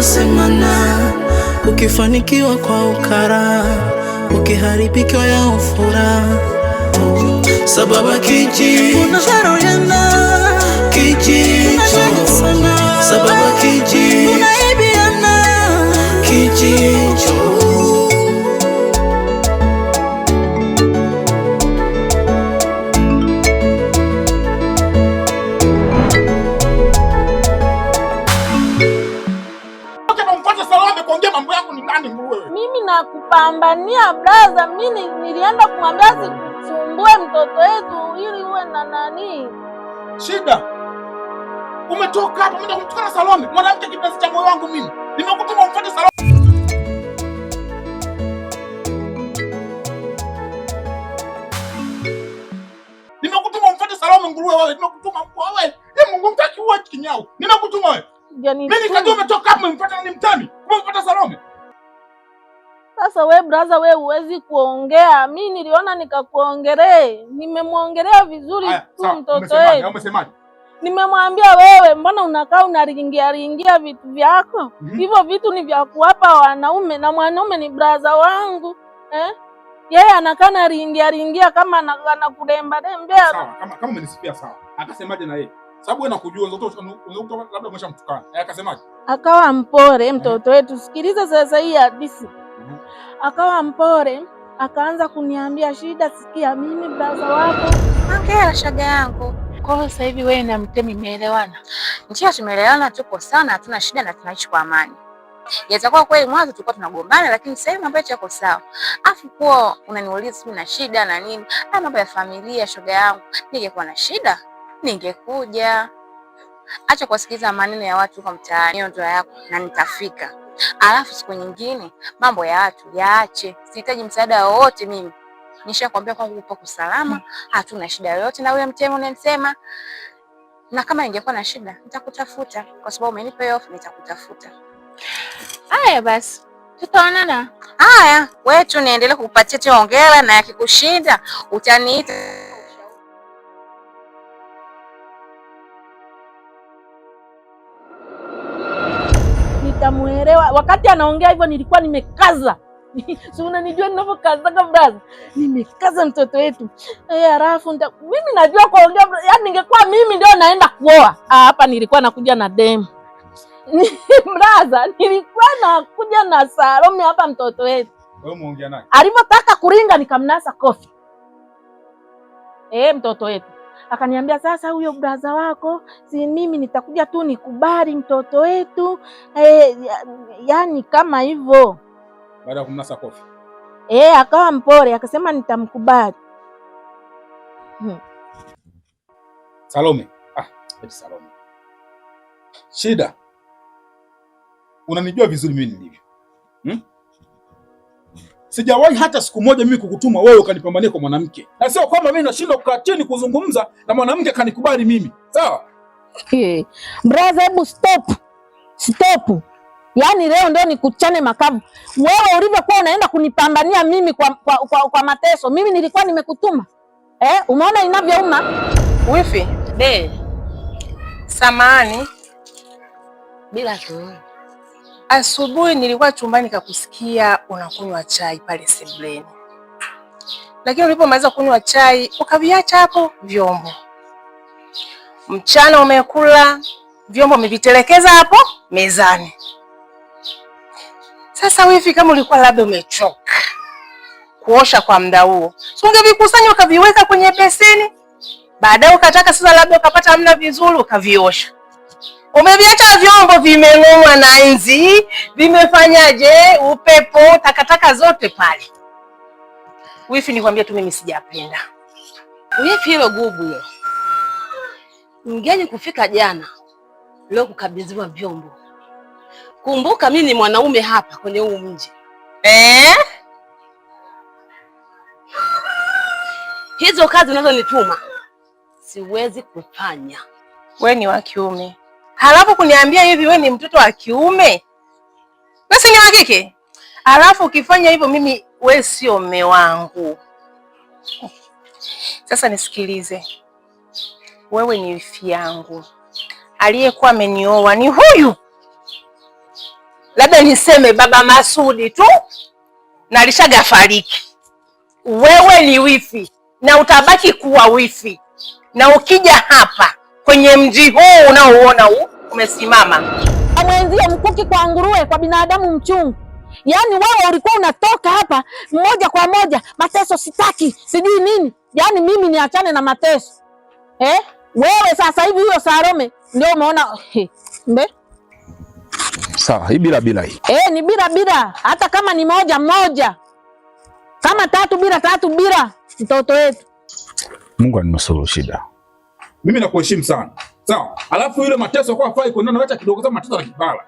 tunayosemana, ukifanikiwa kwa ukara, ukiharibikiwa ya ufura sababa kiji Kiji kupambania braza, mi nilienda kumwambia sikusumbue mtoto wetu ili uwe na nani shida. Umetoka hapa umeenda kumtukana Salome, mwanamke kipenzi cha moyo wangu mimi. Nimekutuma umfuate Salome. Salome nguruwe wewe. Nimekutuma mko wewe. Ni ee, Mungu mtaki uwe kinyao. Nimekutuma wewe. Mimi nikajua umetoka hapo umemfuata nani mtani? Umemfuata Salome. Sasa we brother, we huwezi kuongea, mi niliona nikakuongelee. Nimemwongelea vizuri tu mtoto wetu, nimemwambia wewe, mbona unakaa unaringia ringia vitu vyako mhm. hivyo? mm -hmm. Vitu ni vya kuwapa wanaume na mwanaume ni brother wangu eh? Yeye anakaa naringia ringia kama anakuremba rembea. Kama kama umenisifia sawa, akasemaje na yeye sababu nakujua labda umeshamtukana, akasemaje? Akawa mpore mtoto wetu. Sikiliza sasa hii hadithi Akawa mpore, akaanza kuniambia shida, sikia, mimi braza wako. Hongera shaga yangu. Kwa hiyo sasa hivi wewe na Mtemi mmeelewana? Njia, tumeelewana, tuko sana, hatuna shida na tunaishi kwa amani. Yatakuwa kweli mwanzo tulikuwa tunagombana, lakini sasa hivi mambo yetu yako sawa. Afu kwa unaniuliza mimi na shida na nini? Ah, mambo ya familia shoga yangu. Ningekuwa na shida, ningekuja. Acha kusikiliza maneno ya watu huko mtaani, ndio yako na nitafika alafu siku nyingine mambo ya watu yaache, sihitaji msaada wowote mimi. Nishakwambia kwangu upo kusalama, hatuna shida yoyote na huyo mtemu unanisema, na kama ingekuwa na shida nitakutafuta, kwa sababu umenipa hiyo ofa, nitakutafuta. Haya basi, tutaonana. Haya, wewe tu niendelee kukupatia tu ongera, na yakikushinda utaniita. nikamuelewa. Wakati anaongea hivyo nilikuwa nimekaza si unanijua ninavyokazaga braza, nimekaza mtoto wetu. Halafu eh, mimi najua kuongea, yani, ningekuwa mimi ndio naenda kuoa ah, hapa, nilikuwa nakuja na demu braza, nilikuwa nakuja na Salome hapa, mtoto wetu alivyotaka kuringa nikamnasa kofi. E, mtoto wetu Akaniambia sasa, huyo braza wako, si mimi nitakuja tu nikubali mtoto wetu e, yaani kama hivyo. Baada ya kumnasa kofi e, akawa mpole, akasema nitamkubali. hmm. Salome, ah, Salome, shida unanijua vizuri mimi nilivyo, hmm? Sijawahi hata siku moja mimi kukutuma wewe ukanipambania kwa mwanamke, na sio kwamba mimi nashindwa kukaa chini kuzungumza na mwanamke akanikubali mimi, sawa? Hey, brother, hebu stop stop. Yaani leo ndio nikuchane makavu. Wewe ulivyokuwa unaenda kunipambania mimi kwa, kwa, kwa, kwa mateso, mimi nilikuwa nimekutuma eh? Umeona inavyouma wifi de samani bila tu Asubuhi nilikuwa chumbani kakusikia unakunywa chai pale sebuleni, lakini ulipomaliza kunywa chai ukaviacha hapo vyombo. Mchana umekula vyombo, umevitelekeza hapo mezani. Sasa wifi, kama ulikuwa labda umechoka kuosha kwa muda huo, si ungevikusanya ukaviweka kwenye beseni, baadaye ukataka sasa labda ukapata hamna vizuri, ukaviosha Umeviacha vyombo vimeng'oa na nzi, vimefanyaje upepo, takataka zote pale. Wifi, nikwambia tu mimi sijapenda wifi hilo gubu hilo. Mgeni kufika jana, leo kukabidhiwa vyombo. Kumbuka mimi ni mwanaume hapa kwenye huu mji eh? hizo kazi unazonituma siwezi kufanya. We ni wa kiume halafu kuniambia hivi we ni mtoto wa kiume na ni wa kike, halafu ukifanya hivyo mimi we sio mme wangu. Sasa nisikilize, wewe ni wifi yangu, aliyekuwa amenioa ni huyu, labda niseme baba Masudi tu, na alishagafariki. Wewe ni wifi na utabaki kuwa wifi, na ukija hapa kwenye mji huu unaouona huu umesimama amwenzie mkuki kwa nguruwe, kwa binadamu mchungu. Yaani wewe ulikuwa unatoka hapa moja kwa moja, mateso sitaki, sijui nini, yaani mimi niachane na mateso eh? Wewe sasa hivi huyo Salome ndio umeona eh, mbe sawa, hii bila bila hii eh, ni bila bila, hata kama ni moja moja, kama tatu bila tatu bila, mtoto wetu Mungu animsuluhu shida. Mimi nakuheshimu sana Sawa. Alafu yule mateso kwa afai kuendana wacha kidogo kama mateso na kibala.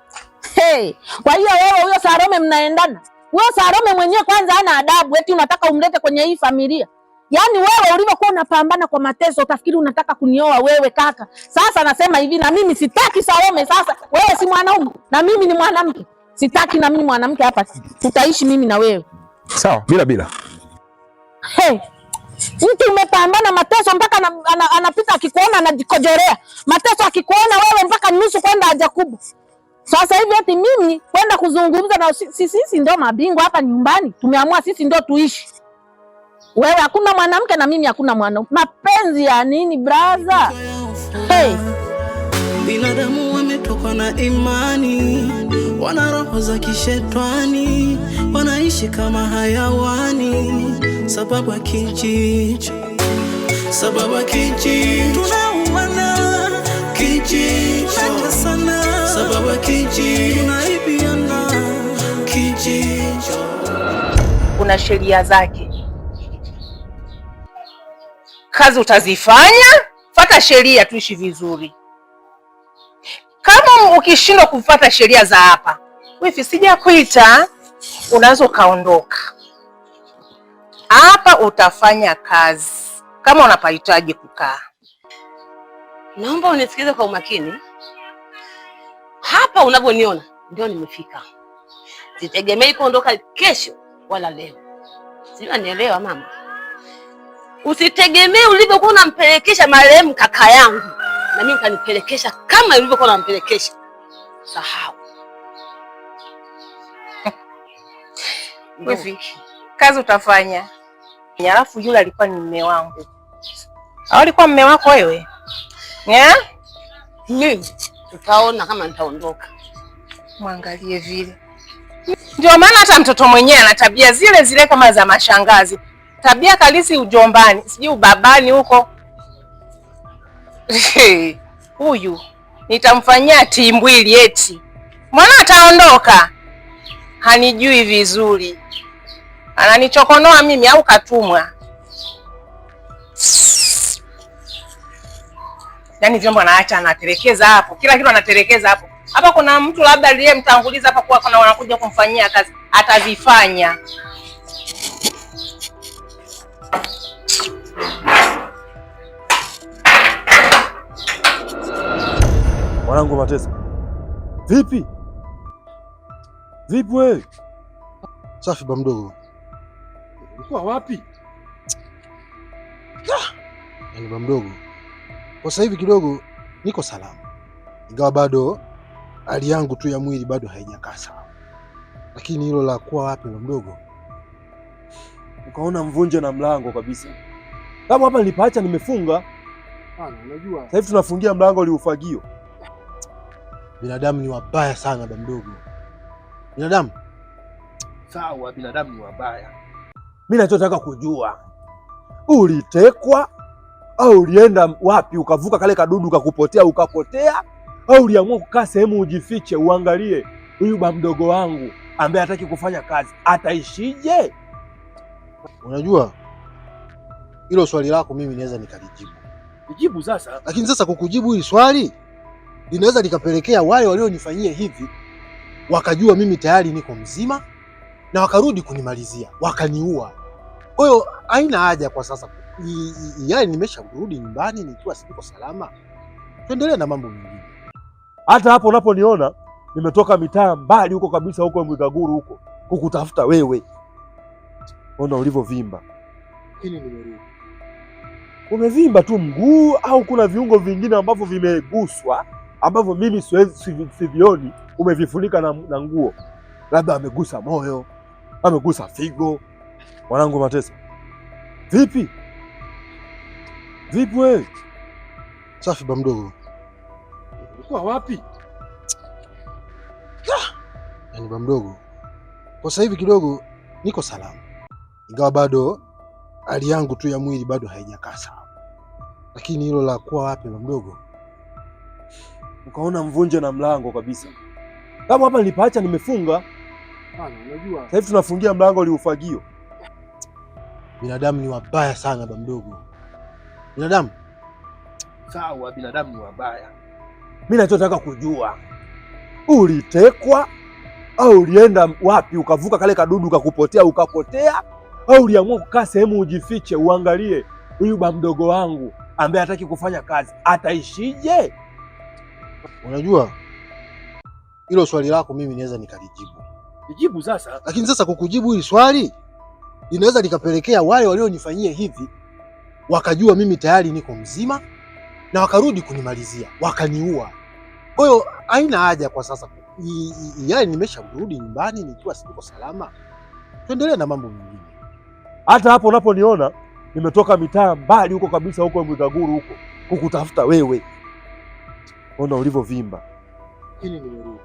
Hey, kwa hiyo wewe huyo Sarome mnaendana? Wewe Sarome mwenyewe kwanza hana adabu, eti unataka umlete kwenye hii familia. Yaani wewe ulivyokuwa unapambana kwa mateso utafikiri unataka kunioa wewe kaka. Sasa nasema hivi na mimi sitaki Sarome sasa. Wewe si mwanaume na mimi ni mwanamke. Sitaki na mimi mwanamke hapa. Tutaishi mimi na wewe. Sawa, bila bila. Hey. Mtu umepambana mateso mpaka anapita akikuona anajikojorea. Mateso akikuona wewe mpaka nusu kwenda haja kubwa. Sasa hivi eti mimi kwenda kuzungumza na sisi, sisi ndio mabingwa hapa nyumbani. Tumeamua sisi ndio tuishi. Wewe hakuna mwanamke na mimi hakuna mwanaume. Mapenzi ya nini braza? Hey. Binadamu wametoka na imani, wana roho za kishetwani, wanaishi kama hayawani sababu ya kijicho, sababu ya kijicho, tunauana kijicho sana, sababu ya kijicho, tunaibiana kijicho. Kuna sheria zake, kazi utazifanya, fata sheria, tuishi vizuri. Kama ukishindwa kufata sheria za hapa, wifi, sijakuita, unaweza ukaondoka hapa utafanya kazi kama unapahitaji kukaa. Naomba unisikilize kwa umakini. Hapa unavyoniona ndio nimefika, sitegemei kuondoka kesho wala leo, sijua nielewa mama. Usitegemee ulivyokuwa unampelekesha marehemu kaka yangu, na mimi kanipelekesha kama ulivyokuwa unampelekesha. Sahau hivi kazi utafanya alafu yule alikuwa ni mme wangu. Au alikuwa mme wako wewe? Yeah? Mimi tutaona kama nitaondoka. Mwangalie vile. Ndio maana hata mtoto mwenyewe ana tabia zile zile kama za mashangazi, tabia kalisi ujombani, sijui ubabani huko. Huyu nitamfanyia timbwili eti mwana ataondoka, hanijui vizuri ananichokonoa mimi au katumwa? Yaani vyombo anaacha anaterekeza hapo, kila kitu anaterekeza hapo. Hapa kuna mtu labda aliyemtanguliza hapa kuwa kuna wanakuja kumfanyia kazi, atazifanya mwanangu. Mateso vipi vipi wewe? Safi ba mdogo Ulikuwa wapi? Ah! Yaani baba mdogo, kwa sasa hivi kidogo niko salama, ingawa bado hali yangu tu ya mwili bado haijakaa sawa, lakini hilo la kuwa wapi, baba mdogo, ukaona mvunje na mlango kabisa, kama hapa nilipaacha nimefunga. Unajua sasa hivi tunafungia mlango liufagio. Binadamu ni wabaya sana, baba mdogo. Binadamu sawa, binadamu ni wabaya mimi nachotaka kujua ulitekwa au ulienda wapi ukavuka kale kadudu kakupotea ukapotea, au uliamua kukaa sehemu ujifiche, uangalie huyu ba mdogo wangu ambaye hataki kufanya kazi ataishije? Unajua hilo swali lako mimi naweza nikalijibu kujibu sasa, lakini sasa kukujibu hili swali linaweza likapelekea wale walionifanyia hivi wakajua mimi tayari niko mzima na wakarudi kunimalizia wakaniua. Kwa hiyo haina haja kwa sasa, yaani nimesharudi nyumbani nikiwa siko salama, tuendelee na mambo mengine. Hata hapo unaponiona nimetoka mitaa mbali huko kabisa, huko Mwikaguru huko kukutafuta wewe, ona ulivyovimba ili nimerudi. Umevimba tu mguu au kuna viungo vingine ambavyo vimeguswa ambavyo mimi sivioni? Umevifunika na, na nguo, labda amegusa moyo amegusa figo. Mwanangu Matesa, vipi vipi wewe? Safi ba mdogo, ulikuwa wapi? Ah! Yani ba mdogo, kwa sasa hivi kidogo niko salama, ingawa bado hali yangu tu ya mwili bado haijakaa sawa, lakini hilo la kuwa wapi ba mdogo, ukaona mvunje na mlango kabisa, kama hapa nilipaacha nimefunga sasa hivi tunafungia mlango liufagio. Binadamu ni wabaya sana ba mdogo. Binadamu sawa, binadamu ni wabaya. Mimi nachotaka kujua ulitekwa au ulienda wapi ukavuka kale kadudu ukakupotea ukapotea, au uliamua kukaa sehemu ujifiche, uangalie huyu ba mdogo wangu ambaye hataki kufanya kazi ataishije? Unajua hilo swali lako mimi naweza nikalijibu kujibu sasa. Lakini sasa kukujibu hili swali linaweza likapelekea wale walionifanyia hivi wakajua mimi tayari niko mzima na wakarudi kunimalizia wakaniua. Kwa hiyo haina haja kwa sasa, yaani nimesharudi nyumbani nikiwa siko salama, tuendelee na mambo mengine. Hata hapo unaponiona nimetoka mitaa mbali huko kabisa, huko Mwigaguru huko kukutafuta wewe, ona ulivyovimba ili nimerudi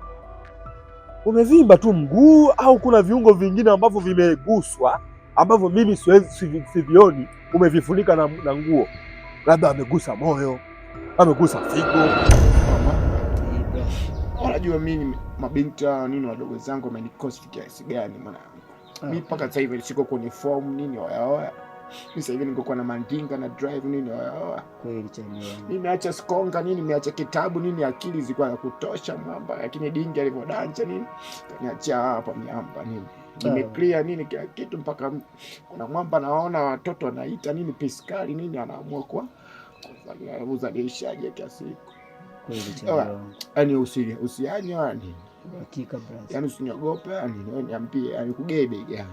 umevimba tu mguu au kuna viungo vingine ambavyo vimeguswa ambavyo mimi sivioni, umevifunika na, na nguo, labda amegusa moyo, amegusa figo. Unajua mimi mabinti hao nini wadogo zangu wamenikosi kiasi gani mwanangu, mimi ah. mpaka sasa hivi siko kwenye fomu nini, oyaoya sasa hivi niko na mandinga na drive nini, kweli chenye. nimeacha skonga nini, nimeacha kitabu nini, akili zilikuwa ya kutosha mwamba, lakini dingi alivyodanja nini kaniachia hapa miamba nini ah. clear nini kila kitu, mpaka kuna mwamba naona watoto wanaita nini piskali nini, anaamua kwa uzalishaji kila siku yaani usianywa yani yaani usiniogope yani, niambie yani kugebega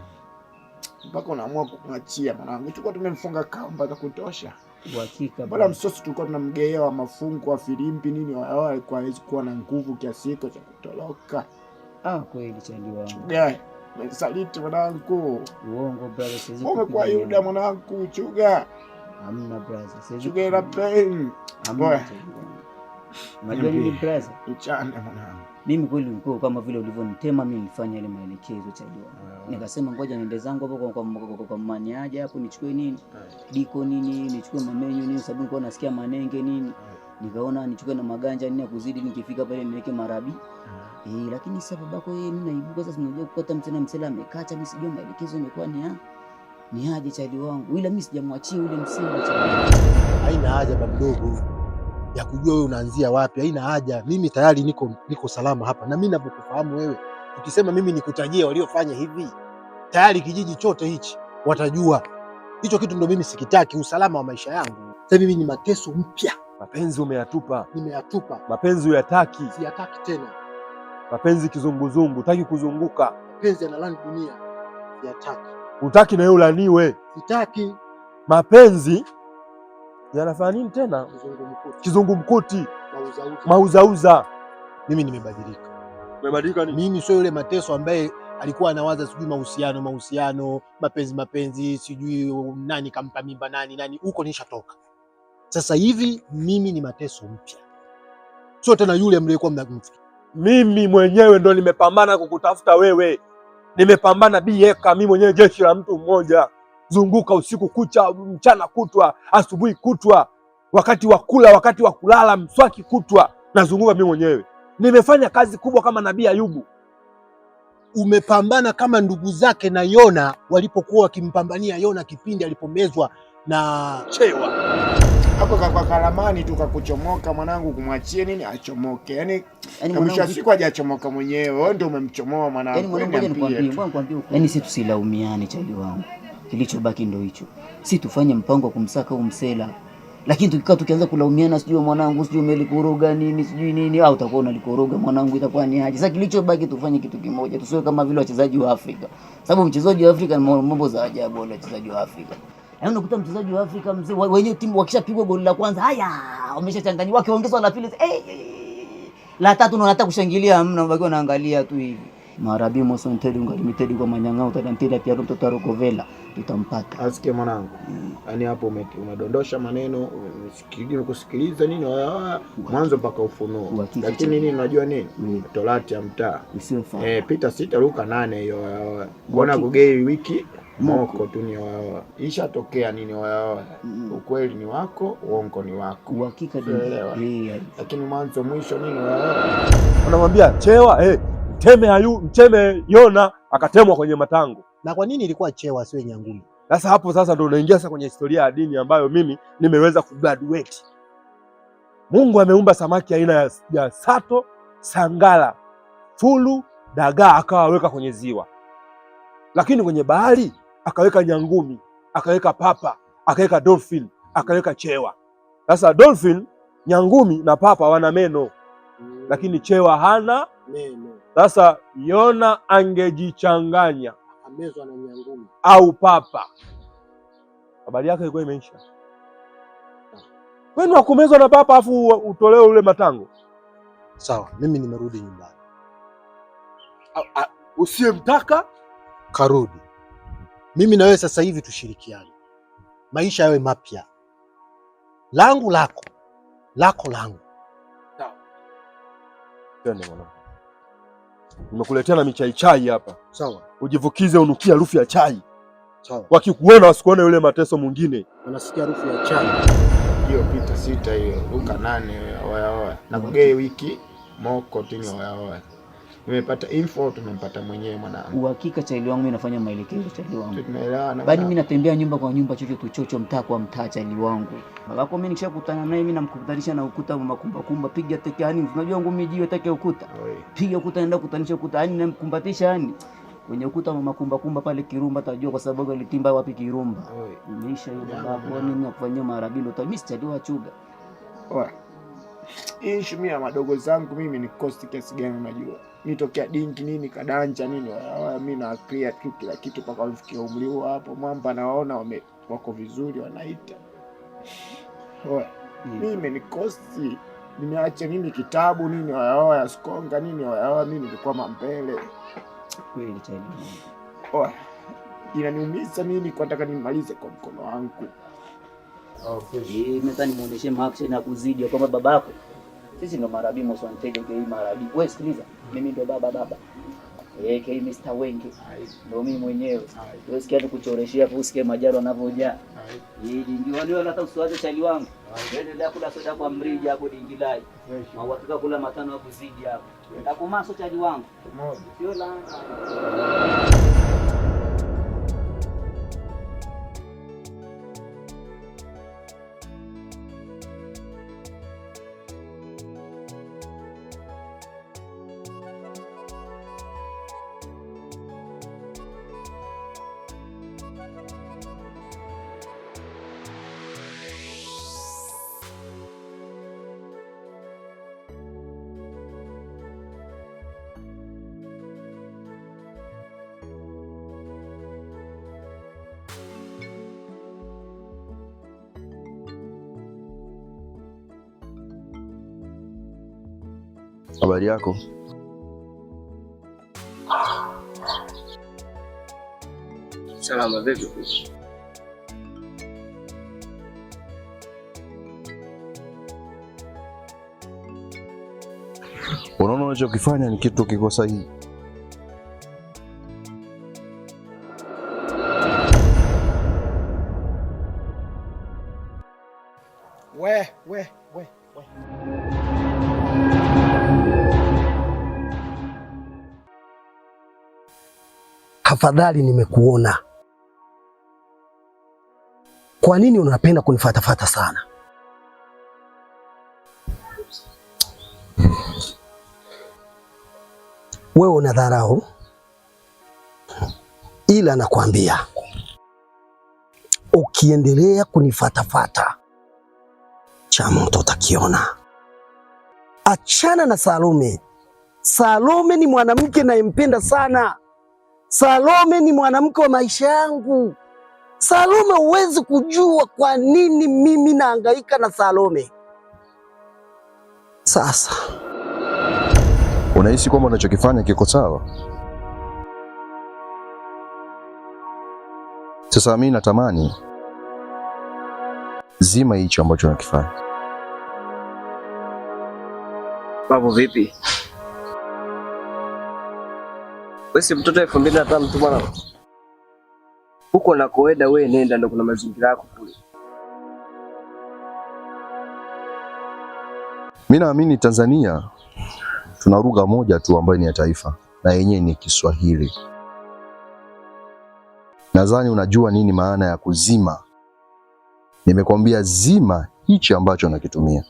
mpaka unaamua kumwachia mwanangu. Tulikuwa tumemfunga kamba za kutosha uhakika bwana. msosi tulikuwa tunamgeea wa mafungo wa filimbi nini, wao alikuwa hawezi kuwa na nguvu kiasi hicho cha kutoroka. Ah, kweli chali wangu. Yeah. Msaliti mwanangu. Uongo brother, siwezi. Umekuwa Yuda mwanangu, chuga. Hamna brother, siwezi. Chuga ila pain. Hamna. Unajua nini brother? Mchana mwanangu mimi kweli ulikuwa kama vile ulivyonitema mimi, nilifanya ile maelekezo cha chajua. yeah. Nikasema ngoja niende zangu hapo kwa kwa kwa, kwa, kwa mani aje hapo nichukue nini diko nini nichukue mamenyu nini, sababu nilikuwa nasikia manenge nini. yeah. Nikaona nichukue na maganja nini kuzidi, nikifika pale niweke marabi. yeah. Eh, lakini sasa babako yeye, eh, mimi naibuka sasa, najua kukata mtena msela amekacha, mimi sijui maelekezo yamekuwa ni ni haja chali wangu, ila mimi sijamwachia ule msimu cha Haina haja babu dogo ya kujua wewe unaanzia wapi. Haina haja, mimi tayari niko, niko salama hapa, na mimi navyokufahamu wewe, ukisema mimi nikutajie waliofanya hivi, tayari kijiji chote hichi watajua. Hicho kitu ndo mimi sikitaki, usalama wa maisha yangu. Sasa mimi ni mateso mpya. Mapenzi umeyatupa, nimeyatupa. Mapenzi uyataki, siyataki tena. Mapenzi kizunguzungu, taki kuzunguka. Mapenzi yanalani dunia, siyataki. Utaki na yeye ulaniwe, sitaki. Mapenzi zinafanya nini tena, kizungumkuti, mauzauza. Mimi nimebadilika. Umebadilika nini? Mimi sio yule mateso ambaye alikuwa anawaza sijui mahusiano mahusiano mapenzi mapenzi sijui nani kampa mimba nani nani, huko nishatoka. Sasa hivi mimi ni mateso mpya, sio tena yule mliyekuwa mna. Mimi mwenyewe ndo nimepambana kukutafuta wewe, nimepambana bieka mimi mwenyewe, jeshi la mtu mmoja zunguka usiku kucha, mchana kutwa, asubuhi kutwa, wakati wa kula, wakati wa kulala, mswaki kutwa, nazunguka mimi mwenyewe. Nimefanya kazi kubwa kama nabii Ayubu. Umepambana kama ndugu zake na Yona walipokuwa wakimpambania Yona kipindi alipomezwa na chewa. Hapo kwa kalamani tu kakuchomoka mwanangu, kumwachie nini achomoke. Yani yaani, kabisha siku hajachomoka mwenyewe, wewe ndio umemchomoa mwanangu. Yani yaani yaani sisi tusilaumiane, chali wangu kilichobaki ndo hicho. Si tufanye mpango wa kumsaka umsela, lakini tukikaa tukianza kulaumiana, sijui mwanangu, sijui umelikoroga nini, sijui nini, au utakuwa unalikoroga mwanangu, itakuwa ni haja. Sasa kilichobaki tufanye kitu kimoja, tusiwe kama vile wachezaji wa Afrika, sababu mchezaji wa Afrika ni mambo za ajabu. Wale wachezaji wa Afrika yaani, unakuta mchezaji wa Afrika mzee wenye timu wakishapigwa goli la kwanza, haya wameshachanganywa, wakiongezwa la pili, eh, eh, eh, eh la tatu, na hata kushangilia, hamna, unabakiwa unaangalia tu hivi marabi moso ntedi ungalimitedi kwa manyang'ao tatantida pia taro kovela tutampata asikie mwanangu yani mm. hapo unadondosha maneno kusikiliza nini mwanzo mpaka ufunuo lakini nini unajua nini mm. torati ya mtaa eh, pita sita luka nane hiyo kuona kugei wiki moko tu ni wawawa, ishatokea nini wawawa. Mm. Ukweli ni wako, uongo ni wako, uhakika, lakini mwanzo mwisho nini wawawa, unamwambia chewa eh mteme ayu, mteme Yona akatemwa kwenye matango. Na kwa nini ilikuwa chewa sio nyangumi? Sasa hapo sasa ndo unaingia sasa kwenye historia ya dini ambayo mimi nimeweza kugraduate. Mungu ameumba samaki aina ya, ya sato, sangala, fulu, dagaa akawaweka kwenye ziwa, lakini kwenye bahari akaweka nyangumi, akaweka papa, akaweka dolphin, akaweka chewa. Sasa dolphin, nyangumi na papa wana meno, lakini chewa hana meno. Sasa Yona angejichanganya amezwa na nyangumi au papa, habari yake ilikuwa imeisha. Kwani wakumezwa na papa afu utolewe ule matango? Sawa, mimi nimerudi nyumbani. Usiyemtaka karudi, mimi na wewe sasa hivi tushirikiane, maisha yawe mapya, langu lako, lako langu. Sawa, twende mwanangu nimekuletea na michai chai hapa sawa, ujivukize unukia harufu ya chai sawa. Wakikuona wasikuone yule mateso mwingine, wanasikia harufu ya chai hiyo. Pita sita hiyo Ruka nane oya oya na kugei wiki moko tini oya oya nimepata info, tumempata mwenyewe mwanangu. Uhakika chali wangu, mimi nafanya maelekezo chali wangu, tumeelewana. Bali mimi natembea nyumba kwa nyumba, chocho kuchocho, mtaa kwa mtaa, chali wangu. Babako mimi nikishakutana naye mimi namkutanisha na ukuta wa makumba kumba, piga teke, yani unajua ngumi jiwe teke ukuta, piga ukuta, naenda kutanisha ukuta, yani namkumbatisha yani kwenye ukuta wa makumba kumba pale Kirumba, tajua kwa sababu alitimba wapi Kirumba. Nimeisha hiyo babako, nini yaani, nakufanyia marabilo mimi sijali wachuga. Oya. Hii shumia madogo zangu mimi ni kosti kiasi gani unajua? nitokea dinki nini kadanja nini, mi na clear tu kila kitu mpaka wamefikia umri huo. Hapo mwamba nawaona wame wako vizuri, wanaita mm. mi imenikosi nimeacha nini kitabu nini ya skonga nini wayaoya, mi nilikuwa mambele kweli inaniumiza mimi, nilikuwa nataka nimalize kwa mkono wangu. Nataka oh, nimuoneshe Max na kuzidi kwamba babako sisi ndo marabii Moses Wantege kei marabi. Wewe sikiliza, mimi ndo baba baba. Eh, kei Mr. Wenge. ndo mimi mwenyewe. Wewe sikia nikuchoreshea kwa usikie majaro yanavyojaa. hii dingi wale wala hata usiwaze chali wangu. Endelea kula soda kwa mrija hapo dingilai. Mawataka kula matano hapo zidi hapo. so chali wangu. Sio la. Habari yako? Salama. Vipi? Unaona unachokifanya ni kitu kiko sahihi. tafadhali, nimekuona. Kwa nini unapenda kunifatafata sana? Wewe una dharau, ila nakwambia ukiendelea kunifatafata cha mtu utakiona. Achana na Salome. Salome ni mwanamke nayempenda sana. Salome ni mwanamke wa maisha yangu. Salome, huwezi kujua kwa nini mimi naangaika na Salome. Sasa unahisi kwamba unachokifanya kiko sawa? Sasa mimi natamani zima hicho ambacho unakifanya. Babu, vipi? Wesi mtoto elfu mbili na tano tu mwanangu. Huko nakoenda wewe nenda, ndo kuna mazingira yako kule. Mi naamini Tanzania tuna lugha moja tu ambayo ni ya taifa na yenyewe ni Kiswahili. Nadhani unajua nini maana ya kuzima. Nimekwambia zima hichi ambacho nakitumia.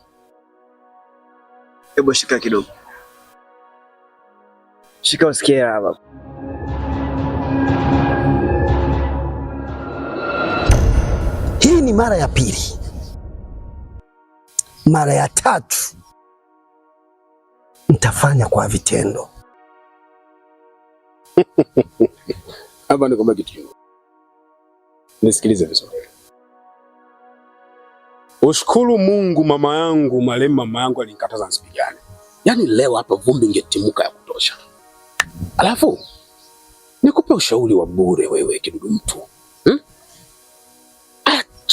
Hebu shika kidogo, shika usikie hapa. mara ya pili, mara ya tatu mtafanya kwa vitendo. Hapa nikwambia kitu nisikilize vizuri. Ushukuru Mungu mama yangu marehemu mama yangu alinikataza nisipigane, yaani leo hapa vumbi ingetimuka ya kutosha. Alafu nikupe ushauri wa bure wewe kidudu mtu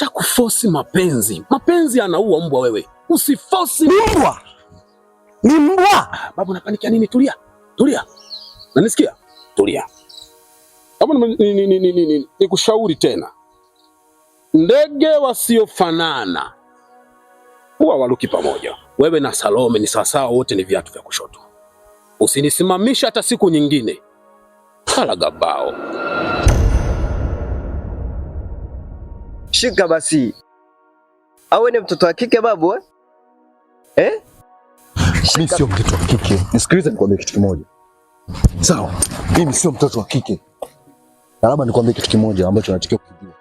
Acha kufosi mapenzi, mapenzi anaua mbwa. Wewe usifosi mbwa, ni mbwa. Ah, babu, napanikia nini? Tulia, tulia, nanisikia? Tulia babu, nikushauri tena, ndege wasiofanana huwa waruki pamoja. Wewe na Salome ni sawasawa, wote ni viatu vya kushoto. Usinisimamisha hata siku nyingine. gabao. Shika basi, awe ni mtoto wa kike babu eh? Eh? Mimi sio mtoto wa kike. Nisikilize nikwambie kitu kimoja. Sawa. Mimi sio mtoto wa kike. Na labda nikwambie kitu kimoja ambacho unatakiwa kujua.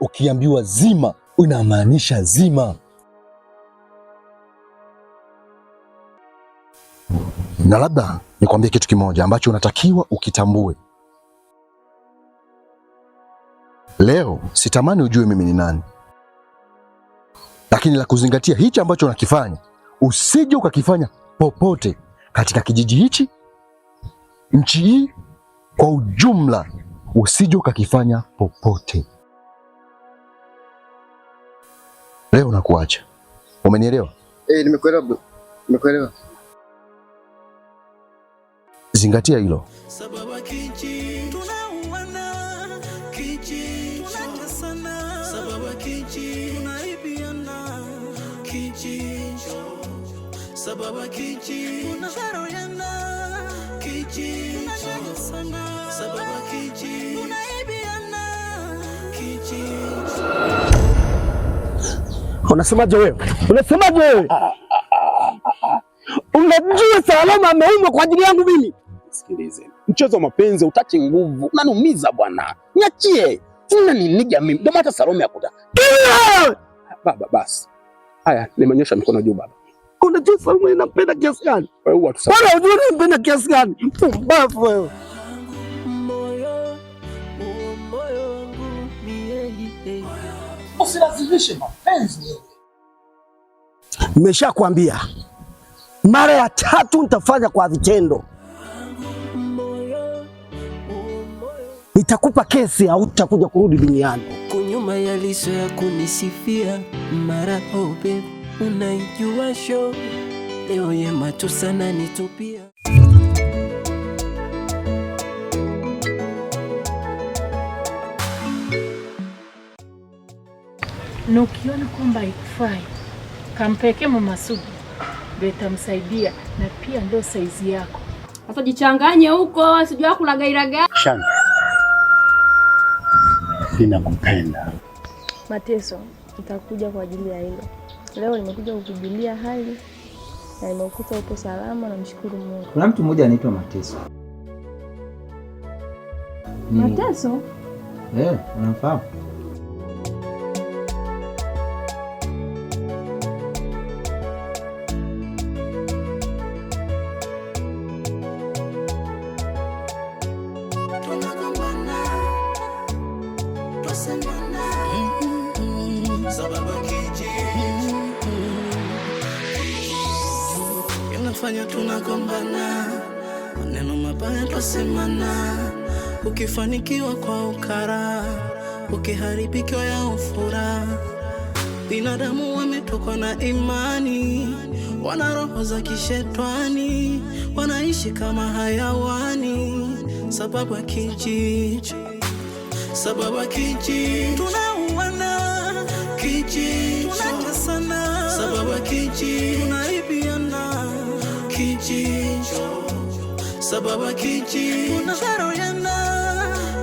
Ukiambiwa zima, unamaanisha zima. Na labda nikwambie kitu kimoja ambacho unatakiwa ukitambue. Leo sitamani ujue mimi ni nani, lakini la kuzingatia hichi ambacho unakifanya, usije ukakifanya popote katika kijiji hichi, nchi hii kwa ujumla, usije ukakifanya popote. Leo nakuacha, umenielewa? Hey, eh, nimekuelewa, nimekuelewa. Zingatia hilo. sababu kichi una dharauliana, kijicho unajali sana, sababa kijicho unaibiana, kichi Unasemaje wewe? Unasemaje wewe? Unajua Salama ameumwa kwa ajili yangu mimi. Sikilize, mchezo wa mapenzi utachi nguvu, unaniumiza bwana, niachie. Sina niniga mimi, ndio hata Salome akuta baba. Basi haya, nimenyosha mikono juu baba. Unajua Salma inampenda kiasi gani? kiasi gani? Mpumbavu wewe. Usilazimishe mapenzi. mara ya tatu, nitafanya kwa vitendo. Nitakupa kesi, hautakuja kurudi duniani. Kunyuma ya kunisifia mara Unaijua show leo sana nitupia na ukiona kwamba ikufai kampeke Mama Sugu betamsaidia, na pia ndo saizi yako. Sasa jichanganye huko, asijua kulagairaga. Shana, ninakupenda Mateso, nitakuja kwa ajili ya hilo. Leo nimekuja kukujulia hali na nimekuta upo salama, namshukuru Mungu. Kuna mtu mmoja anaitwa Mateso. Mateso? Eh, unamfahamu? ikiharibikwa yao furaha. Binadamu wametokwa na imani, wana roho za kishetwani, wanaishi kama hayawani, sababu ya kijiji, sababu ya kijiji, tunauana kijiji, tunatesana sababu ya kijiji, tunaibiana kijiji sababu kijiji, tunadharauliana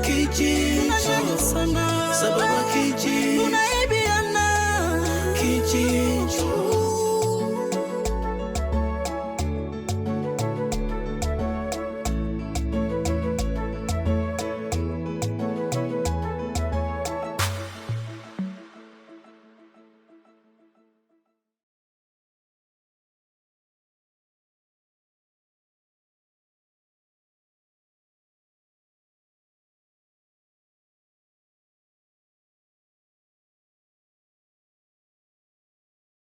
kijiji